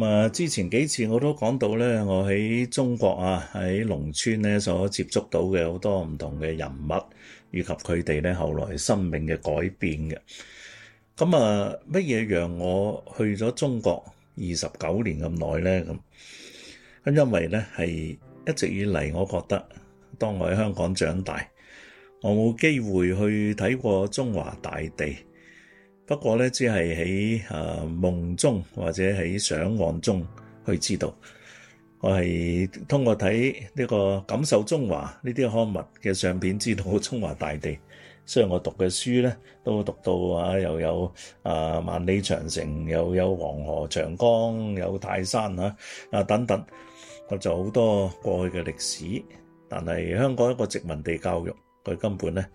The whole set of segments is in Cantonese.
咁啊，之前幾次我都講到咧，我喺中國啊，喺農村咧所接觸到嘅好多唔同嘅人物以及佢哋咧後來生命嘅改變嘅。咁啊，乜嘢讓我去咗中國二十九年咁耐咧？咁咁因為咧係一直以嚟，我覺得當我喺香港長大，我冇機會去睇過中華大地。不過咧，只係喺啊夢中或者喺想像中去知道。我係通過睇呢個感受中華呢啲刊物嘅相片知道中華大地。雖然我讀嘅書咧都讀到啊，又有啊萬里長城，又有黃河長江，有泰山啊等等。我就好多過去嘅歷史，但係香港一個殖民地教育，佢根本咧。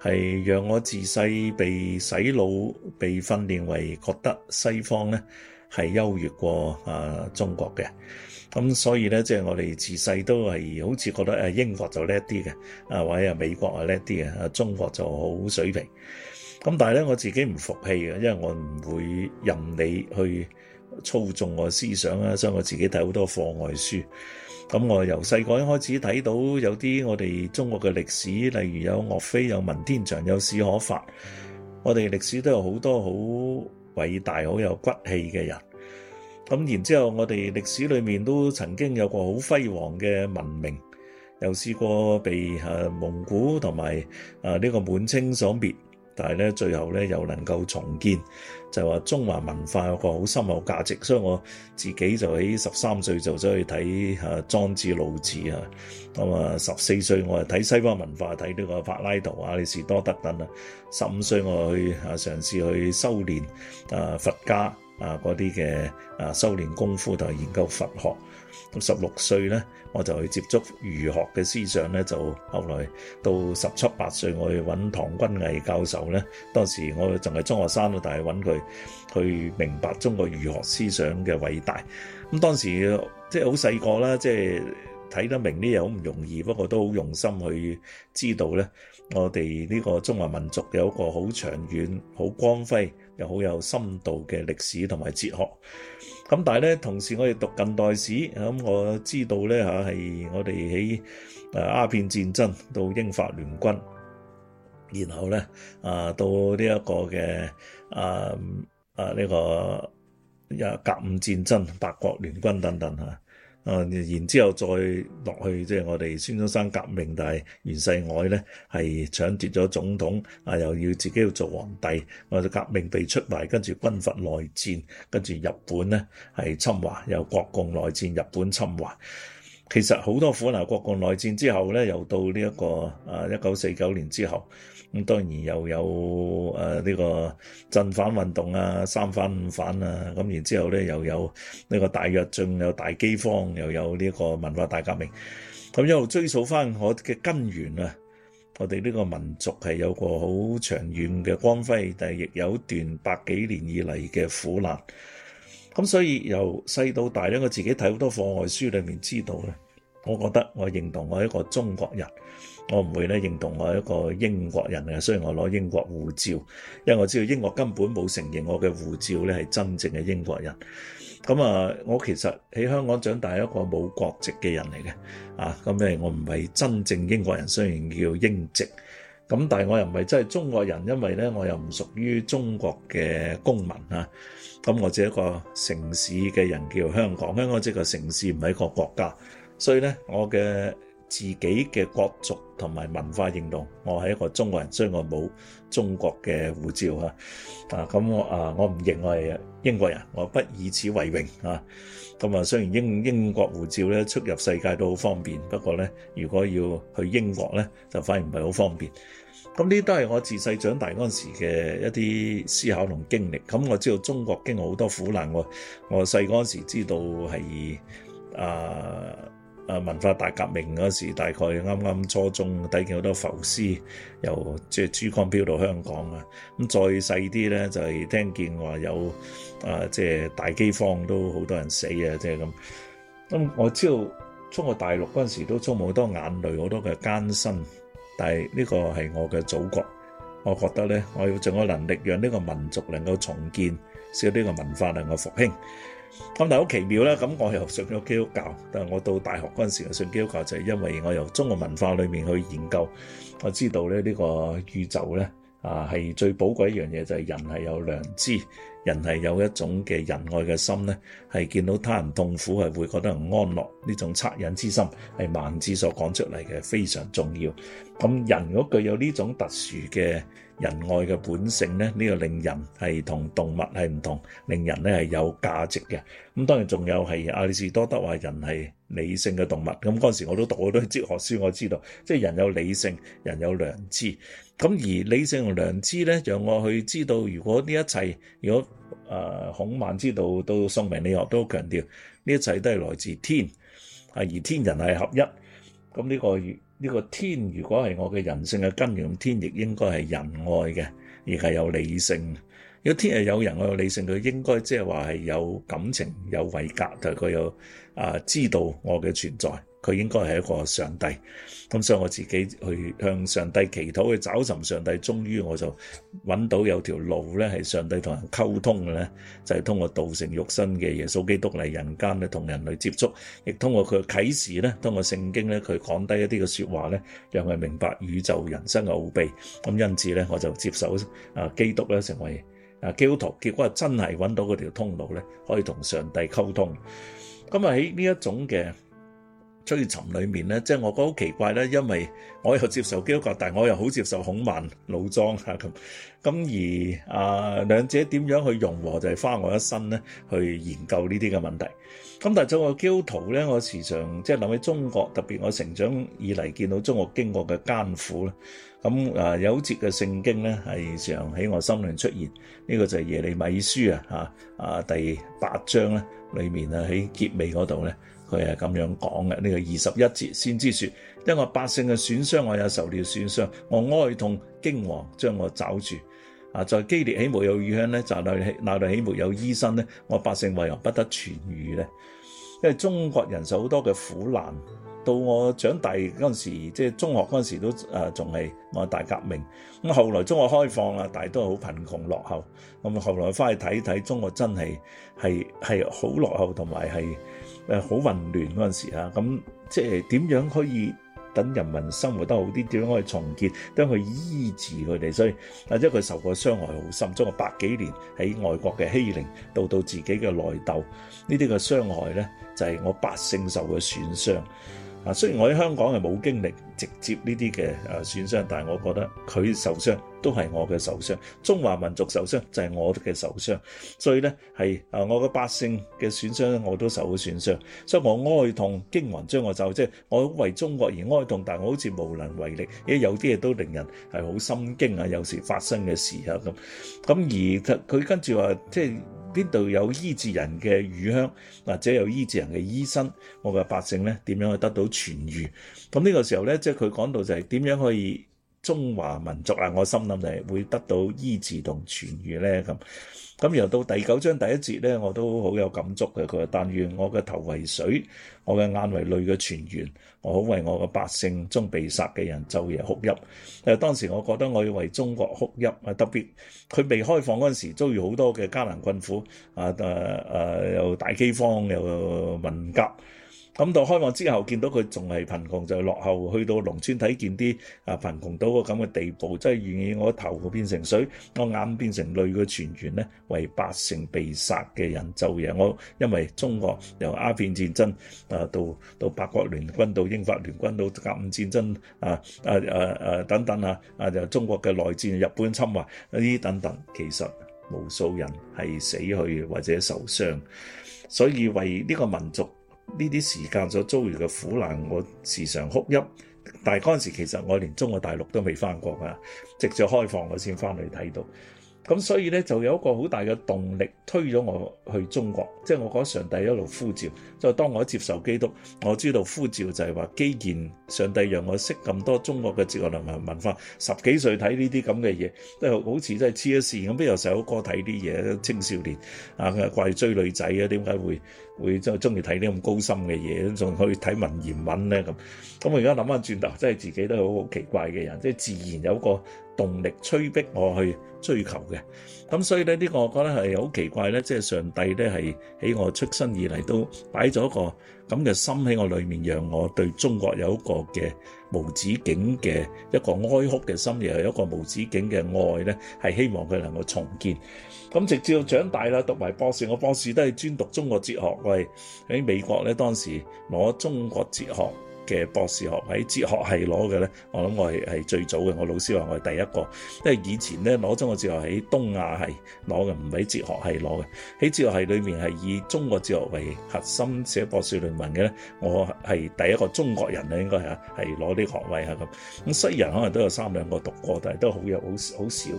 係讓我自細被洗腦，被訓練為覺得西方咧係優越過啊中國嘅。咁所以咧，即係我哋自細都係好似覺得誒英國就叻啲嘅，啊或者啊美國啊叻啲嘅，啊中國就好水平。咁但係咧，我自己唔服氣嘅，因為我唔會任你去操縱我思想啊，所以我自己睇好多課外書。咁我由細個開始睇到有啲我哋中國嘅歷史，例如有岳飛、有文天祥、有史可法，我哋歷史都有好多好偉大、好有骨氣嘅人。咁然之後，我哋歷史裏面都曾經有過好輝煌嘅文明，又試過被蒙古同埋呢個滿清所滅。但係咧，最後咧又能夠重建，就話中華文化有個好深厚價值，所以我自己就喺十三歲就走去睇啊莊子、老子啊，咁啊十四歲我係睇西方文化，睇呢個柏拉圖啊、李士多德等啊，十五歲我去啊嘗試去修練啊佛家啊嗰啲嘅啊修練功夫同埋研究佛學。咁十六歲咧，我就去接觸儒學嘅思想咧，就後來到十七八歲，我去揾唐君毅教授咧。當時我仲係中學生啦，但係揾佢去明白中國儒學思想嘅偉大。咁當時即係好細個啦，即係睇得明啲嘢好唔容易，不過都好用心去知道咧。我哋呢個中華民族有一個好長遠、好光輝又好有深度嘅歷史同埋哲學。咁但係咧，同時我哋讀近代史，咁我知道咧，係我哋喺鴉片戰爭到英法聯軍，然後咧啊到呢一個嘅啊呢個甲午戰爭、八國聯軍等等嚇啊，然之後再落去，即係我哋孫中山革命，但係袁世外呢袁世凱，係搶奪咗總統，啊又要自己要做皇帝，我哋革命被出賣，跟住軍閥內戰，跟住日本呢，係侵華，又國共內戰，日本侵華。其實好多苦難，國共內戰之後咧，又到呢、這、一個啊一九四九年之後，咁當然又有誒呢、啊這個鎮反運動啊、三反五反啊，咁然之後咧又有呢、這個大躍進、有大饑荒、又有呢個文化大革命。咁一路追溯翻我嘅根源啊，我哋呢個民族係有個好長遠嘅光輝，但係亦有段百幾年以嚟嘅苦難。咁所以由細到大咧，我自己睇好多課外書裏面知道咧，我覺得我認同我係一個中國人，我唔會咧認同我係一個英國人嘅。雖然我攞英國護照，因為我知道英國根本冇承認我嘅護照咧係真正嘅英國人。咁啊，我其實喺香港長大一個冇國籍嘅人嚟嘅啊。咁我唔係真正英國人，雖然叫英籍。咁但係我又唔係真係中國人，因為咧我又唔屬於中國嘅公民啊！咁我只係一個城市嘅人，叫香港。香港只係個城市，唔係一個國家，所以咧我嘅。自己嘅國族同埋文化認同，我係一個中國人，所以我冇中國嘅護照嚇，啊咁、啊、我啊我唔認為英國人，我不以此為榮啊。咁啊，雖然英英國護照咧出入世界都好方便，不過咧如果要去英國咧就反而唔係好方便。咁、啊、呢都係我自細長大嗰陣時嘅一啲思考同經歷。咁、啊、我知道中國經過好多苦難，我我細嗰陣時知道係啊。啊！文化大革命嗰時，大概啱啱初中睇見好多浮屍，由即係珠江漂到香港啊！咁再細啲咧，就係、是、聽見話有啊，即、呃、係、就是、大饑荒都好多人死啊，即係咁。咁、嗯、我知道中國大陸嗰陣時都充滿好多眼淚，好多嘅艱辛，但係呢個係我嘅祖國，我覺得咧，我要盡我能力讓呢個民族能夠重建，使到呢個文化能夠復興。咁但係好奇妙啦。咁我又信咗基督教，但係我到大學嗰陣時又信基督教，就係、是、因為我由中國文化裏面去研究，我知道咧呢個宇宙咧啊係最寶貴一樣嘢就係、是、人係有良知，人係有一種嘅仁愛嘅心咧，係見到他人痛苦係會覺得唔安樂，呢種惻隱之心係孟子所講出嚟嘅，非常重要。咁人如果具有呢種特殊嘅，人愛嘅本性咧，呢、這個令人係同動物係唔同，令人咧係有價值嘅。咁當然仲有係亞里士多德話人係理性嘅動物。咁嗰陣時我都讀好多哲學書，我知道即係、就是、人有理性，人有良知。咁而理性同良知咧，讓我去知道，如果呢一切，如果、呃、孔孟之道到宋明理學都好強調，呢一切都係來自天啊，而天人係合一。咁呢、這個呢、這個天，如果係我嘅人性嘅根源，天亦應該係仁愛嘅，而係有理性。如果天係有仁愛有理性，佢應該即係話係有感情、有位格，同佢有啊知道我嘅存在。佢應該係一個上帝，咁所以我自己去向上帝祈禱，去找尋上帝，終於我就揾到有條路咧，係上帝同人溝通嘅咧，就係通過道成肉身嘅耶穌基督嚟人間咧，同人類接觸，亦通過佢嘅啟示咧，通過聖經咧，佢講低一啲嘅說話咧，讓佢明白宇宙人生嘅奧秘。咁因此咧，我就接受啊基督咧，成為啊基督徒，結果真係揾到嗰條通路咧，可以同上帝溝通。咁啊喺呢一種嘅。所以沉裡面咧，即、就、係、是、我覺得好奇怪咧，因為我又接受基督教，但我又好接受孔孟老莊嚇咁。咁、啊、而啊，兩者點樣去融合就係、是、花我一身咧去研究呢啲嘅問題。咁但係做個教徒咧，我時常即係諗起中國，特別我成長以嚟見到中國經過嘅艱苦咧。咁、啊、有節嘅聖經咧係常喺我心裏出現。呢、這個就係耶利米書啊啊第八章咧裏面啊喺結尾嗰度咧。佢係咁樣講嘅，呢個二十一節先知說，因為百姓嘅損傷，我有受了損傷，我哀痛驚惶，將我找住啊！在基列起沒有有響，就起沒有，有醫生咧，就鬧鬧到起沒，有醫生咧，我百姓為何不得痊愈咧？因為中國人受好多嘅苦難，到我長大嗰陣時，即係中學嗰陣時都誒，仲係我大革命。咁後來中國開放，但係都係好貧窮落後。咁後來翻去睇睇中國真，真係係係好落後同埋係。好混亂嗰陣時咁即係點樣可以等人民生活得好啲？點樣可以重建？等佢去醫治佢哋？所以啊，即佢受過傷害好深，將我百幾年喺外國嘅欺凌，到到自己嘅內鬥，呢啲嘅傷害咧，就係、是、我百姓受嘅損傷。啊，雖然我喺香港係冇經歷直接呢啲嘅誒損傷，但係我覺得佢受傷都係我嘅受傷，中華民族受傷就係我嘅受傷，所以咧係誒我嘅百姓嘅損傷咧，我都受咗損傷，所以我哀痛驚魂將我就即係我為中國而哀痛，但係我好似無能為力，因為有啲嘢都令人係好心驚啊，有時發生嘅事啊咁，咁而佢跟住話即係。邊度有醫治人嘅乳香，或者有醫治人嘅醫生，我嘅百姓咧點樣去得到痊愈，咁呢個時候咧，即係佢講到就係點樣可以？中華民族啊！我心諗就係會得到醫治同痊愈咧咁。咁然後到第九章第一節咧，我都好有感觸嘅。佢話：但願我嘅頭為水，我嘅眼為淚嘅泉源，我好為我嘅百姓中被殺嘅人晝夜哭泣。誒，當時我覺得我要為中國哭泣啊！特別佢未開放嗰陣時候，遭遇好多嘅艱難困苦啊！誒、啊、誒，又大饑荒，又文革。咁到開幕之後，見到佢仲係貧窮就落後，去到農村睇見啲啊貧窮到個咁嘅地步，即係願意我頭變成水，我眼變成淚嘅泉源咧，為百姓被殺嘅人做嘢。我因為中國由鴉片戰爭啊，到到八國聯軍，到英法聯軍，到甲午戰爭啊，啊，啊，啊等等啊啊，由中國嘅內戰、日本侵華呢啲等等，其實無數人係死去或者受傷，所以為呢個民族。呢啲時間所遭遇嘅苦難，我時常哭泣。但係嗰陣時其實我連中國大陸都未翻過啊，直至開放我先翻去睇到。咁所以咧，就有一個好大嘅動力推咗我去中國，即係我覺得上帝一路呼召。就當我接受基督，我知道呼召就係話，既然上帝讓我識咁多中國嘅哲學、能文化，十幾歲睇呢啲咁嘅嘢，都好似真係黐一線咁。邊有細佬哥睇啲嘢？青少年啊，掛住追女仔啊，點解會會就中意睇啲咁高深嘅嘢？仲去睇文言文咧咁。咁我而家諗翻轉頭，真係自己都好奇怪嘅人，即係自然有個，動力催逼我去追求嘅，咁所以咧呢個我覺得係好奇怪咧，即係上帝咧係喺我出生以嚟都擺咗一個咁嘅心喺我裏面，讓我對中國有一個嘅無止境嘅一個哀哭嘅心，又有一個無止境嘅愛咧，係希望佢能夠重建。咁直至到長大啦，讀埋博士，我博士都係專讀中國哲學，我係喺美國咧，當時攞中國哲學。嘅博士學位，哲學系攞嘅咧，我諗我係係最早嘅，我老師話我係第一個，因為以前咧攞中國哲學喺東亞係攞嘅，唔喺哲學系攞嘅，喺哲學系裏面係以中國哲學為核心寫博士論文嘅咧，我係第一個中國人啦，應該嚇係攞啲學位嚇咁，咁西人可能都有三兩個讀過，但係都好有好好少。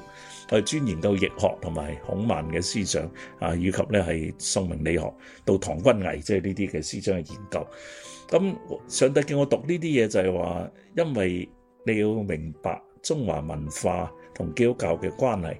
去專研到易學同埋孔孟嘅思想，啊，以及咧係宋明理學到唐君毅，即係呢啲嘅思想嘅研究。咁上帝叫我讀呢啲嘢，就係話，因為你要明白中華文化同基督教嘅關係。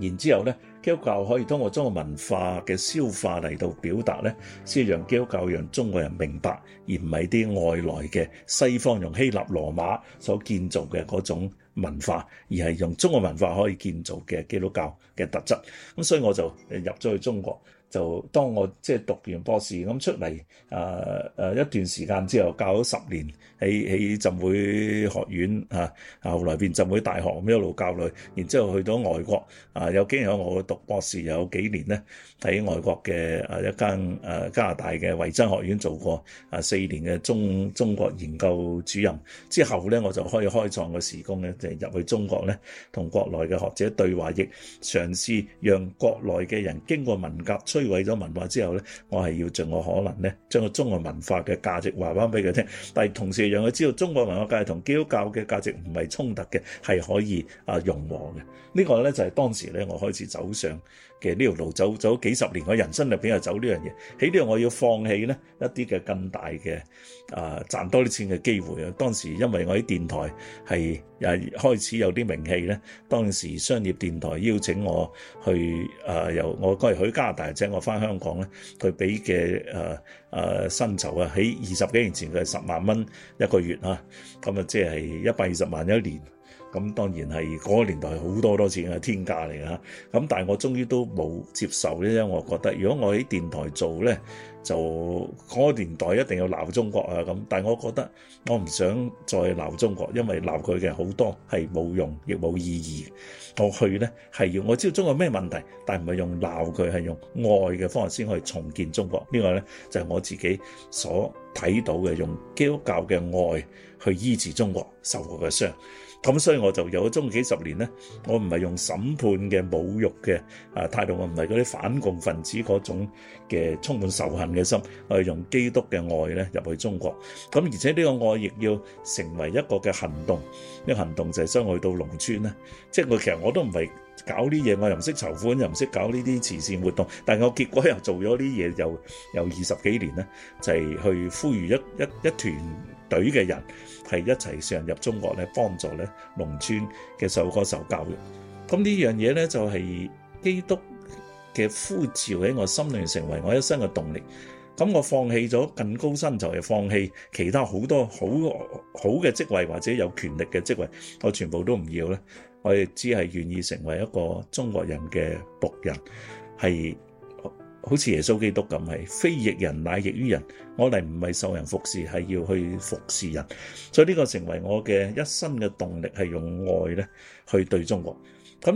然之後咧，基督教可以通過中國文化嘅消化嚟到表達咧，先讓基督教讓中國人明白，而唔係啲外來嘅西方用希臘羅馬所建造嘅嗰種。文化，而係用中國文化可以建造嘅基督教嘅特質，咁所以我就入咗去了中國。就當我即係、就是、讀完博士咁出嚟，誒、啊、誒一段時間之後教咗十年喺喺浸會學院啊後來變浸會大學，學一路教佢，然之後去到外國啊，有經有我讀博士有幾年咧，喺外國嘅誒一間誒、啊、加拿大嘅維珍學院做過啊四年嘅中中國研究主任之後咧，我就可以開創個時工咧，就入、是、去中國咧，同國內嘅學者對話，亦嘗試讓國內嘅人經過文革出。摧毀咗文化之後咧，我係要盡我可能咧，將個中國文化嘅價值話翻俾佢聽。但係同時讓佢知道中國文化價值同基督教嘅價值唔係衝突嘅，係可以啊融合嘅。呢個咧就係當時咧我開始走上。嘅呢條路走走幾十年，我人生入邊又走呢樣嘢。喺呢度我要放棄咧一啲嘅更大嘅啊賺多啲錢嘅機會。當時因為我喺電台係啊開始有啲名氣咧，當時商業電台邀請我去啊由、呃、我嗰日加拿大請我返香港咧，佢俾嘅誒誒薪酬啊喺二十幾年前佢係十萬蚊一個月啊，咁啊即係一百二十萬一年。咁當然係嗰個年代好多多錢嘅天價嚟㗎，咁但係我終於都冇接受呢。因為我覺得如果我喺電台做咧。就嗰、那個、年代一定要鬧中國啊，咁，但係我覺得我唔想再鬧中國，因為鬧佢嘅好多係冇用亦冇意義，我去咧係要我知道中國咩問題，但係唔係用鬧佢，係用愛嘅方式先去重建中國呢個咧就係、是、我自己所睇到嘅，用基督教嘅愛去醫治中國受過嘅傷，咁所以我就有咗中幾十年咧，我唔係用審判嘅侮辱嘅啊態度，我唔係嗰啲反共分子嗰種嘅充滿仇恨。嘅心，我係用基督嘅愛咧入去中國，咁而且呢個愛亦要成為一個嘅行動，呢個行動就係將我去到農村啦。即係我其實我都唔係搞呢嘢，我又唔識籌款，又唔識搞呢啲慈善活動，但係我結果又做咗呢啲嘢，又有二十幾年咧，就係去呼籲一一一團隊嘅人係一齊上入中國咧，幫助咧農村嘅受過受教育。咁呢樣嘢咧就係基督嘅呼召喺我心裏面成為我一生嘅動力，咁我放棄咗更高薪酬，就係，放棄其他好多好好嘅職位或者有權力嘅職位，我全部都唔要啦，我亦只係願意成為一個中國人嘅僕人，係好似耶穌基督咁，係非役人乃役於人，我嚟唔係受人服侍，係要去服侍人，所以呢個成為我嘅一生嘅動力，係用愛咧去對中國，咁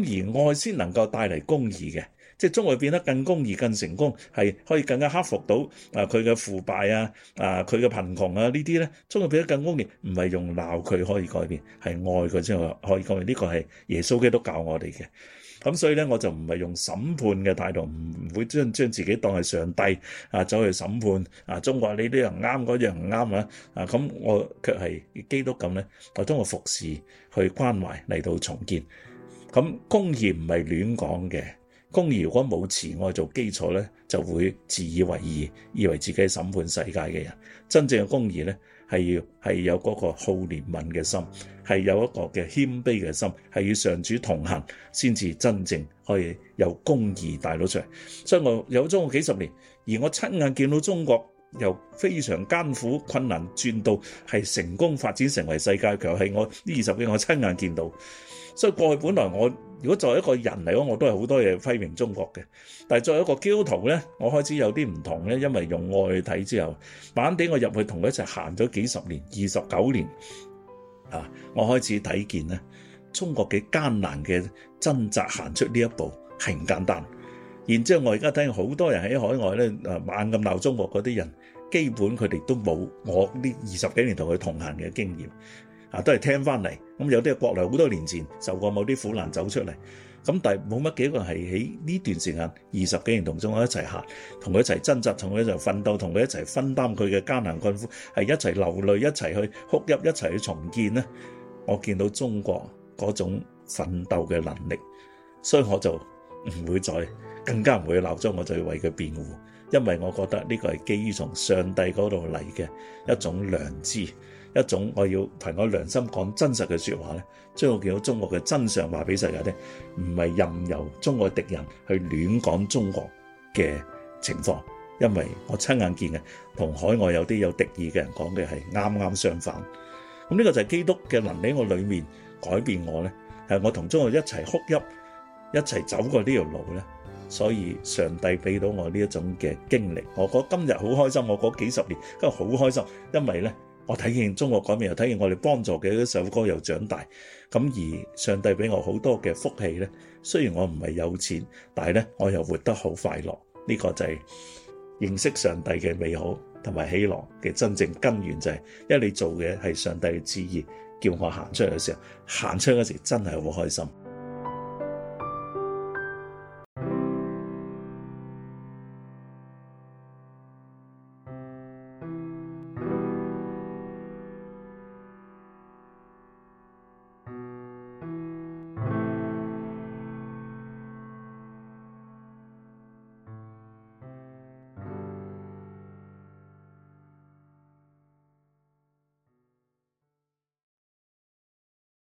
而愛先能夠帶嚟公義嘅。即係中國變得更公義、更成功，係可以更加克服到啊，佢嘅腐敗啊，啊佢嘅貧窮啊，呢啲咧。中國變得更公義，唔係用鬧佢可以改變，係愛佢之後可以改變。呢、這個係耶穌基督教我哋嘅，咁，所以咧我就唔係用審判嘅態度，唔唔會將將自己當係上帝啊，走去審判啊，中國你呢樣啱，嗰樣唔啱啊啊咁、啊啊啊、我卻係基督咁咧，就通過服侍去關懷嚟到重建咁、嗯、公義唔係亂講嘅。公義如果冇慈愛做基礎咧，就會自以為義，以為自己審判世界嘅人。真正嘅公義咧，係要係有嗰個好憐憫嘅心，係有一個嘅謙卑嘅心，係要上主同行，先至真正可以有公義帶到出嚟。所以我有咗我幾十年，而我親眼見到中國由非常艱苦困難轉到係成功發展成為世界強，係我呢二十年我親眼見到。所以過去本來我。如果作為一個人嚟講，我都係好多嘢批評中國嘅。但係作為一個基督徒咧，我開始有啲唔同咧，因為用愛去睇之後，慢慢哋我入去同佢一齊行咗幾十年，二十九年啊，我開始睇見咧，中國幾艱難嘅掙扎行出呢一步係唔簡單。然之後我而家睇見好多人喺海外咧，誒猛咁鬧中國嗰啲人，基本佢哋都冇我呢二十幾年同佢同行嘅經驗。啊，都係聽翻嚟，咁有啲係國內好多年前受過某啲苦難走出嚟，咁但係冇乜幾個人係喺呢段時間二十幾年同中國一齊行，同佢一齊掙扎，同佢一齊奮鬥，同佢一齊分擔佢嘅艱難困苦，係一齊流淚，一齊去哭泣，一齊去重建咧。我見到中國嗰種奮鬥嘅能力，所以我就唔會再更加唔會鬧咗，我就要為佢辯護，因為我覺得呢個係基於從上帝嗰度嚟嘅一種良知。一種我要憑我良心講真實嘅説話咧，將我見到中國嘅真相話俾世界咧，唔係任由中國敵人去亂講中國嘅情況，因為我親眼見嘅，同海外有啲有敵意嘅人講嘅係啱啱相反。咁呢個就係基督嘅能力喺我裏面改變我咧，係我同中國一齊哭泣，一齊走過呢條路咧，所以上帝俾到我呢一種嘅經歷，我覺得今日好開心，我嗰幾十年都好開心，因為咧。我睇見中國改變，又睇見我哋幫助嘅一首歌又長大。咁而上帝俾我好多嘅福氣咧，雖然我唔係有錢，但係咧我又活得好快樂。呢、這個就係認識上帝嘅美好同埋喜樂嘅真正根源就係、是，因為你做嘅係上帝嘅旨意，叫我行出嚟嘅時候，行出嚟時候真係好開心。